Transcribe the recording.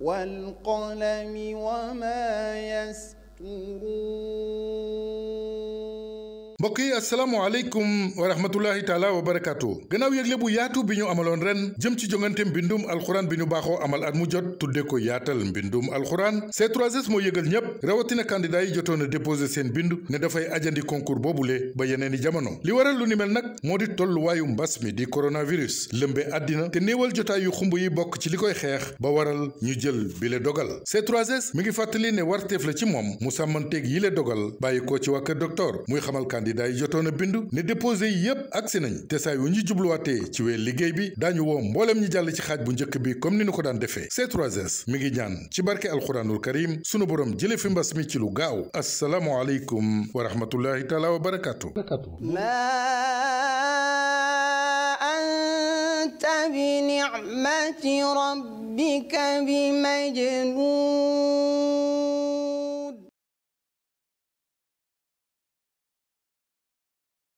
والقلم وما يسطرون mbokk yi asalaamaaleykum wa rahmatullahi taala wa barakaatu gannaaw yëgle bu yaatu bi ñu amaloon ren jëm ci jongante mbindum alxuraan bi ñu baaxoo amal at mu jot tudde ko yaatal mbindum alxuraan C3S moo yëgal ñépp rawatina candidat yi jotoon a déposé seen bind ne dafay ajandi concours boobule ba yeneeni jamono li waral lu ni mel nag moo di tolluwaayu mbas mi di coronavirus lëmbe àddina te néewal jotaay yu xumb yi bokk ci li koy xeex ba waral ñu jël bile dogal c mi ngi fàttali ne warteef la ci moom mu sàmmanteeg yile dogal bàyyi ko ci waa kër muy xamal candidat candidat yi jotoon a bindu ne déposé yi yépp agsi nañ te saa yu ñu jubluwaatee ci weer liggéey bi daañu woo mbooleem ñi jàll ci xaaj bu njëkk bi comme ni ñu ko daan defee c ngi ñaan ci barke alxuraanul karim sunu borom jële fi mbas mi ci lu gaaw asalaamualeykum wa rahmatullahi taala wa barakaatu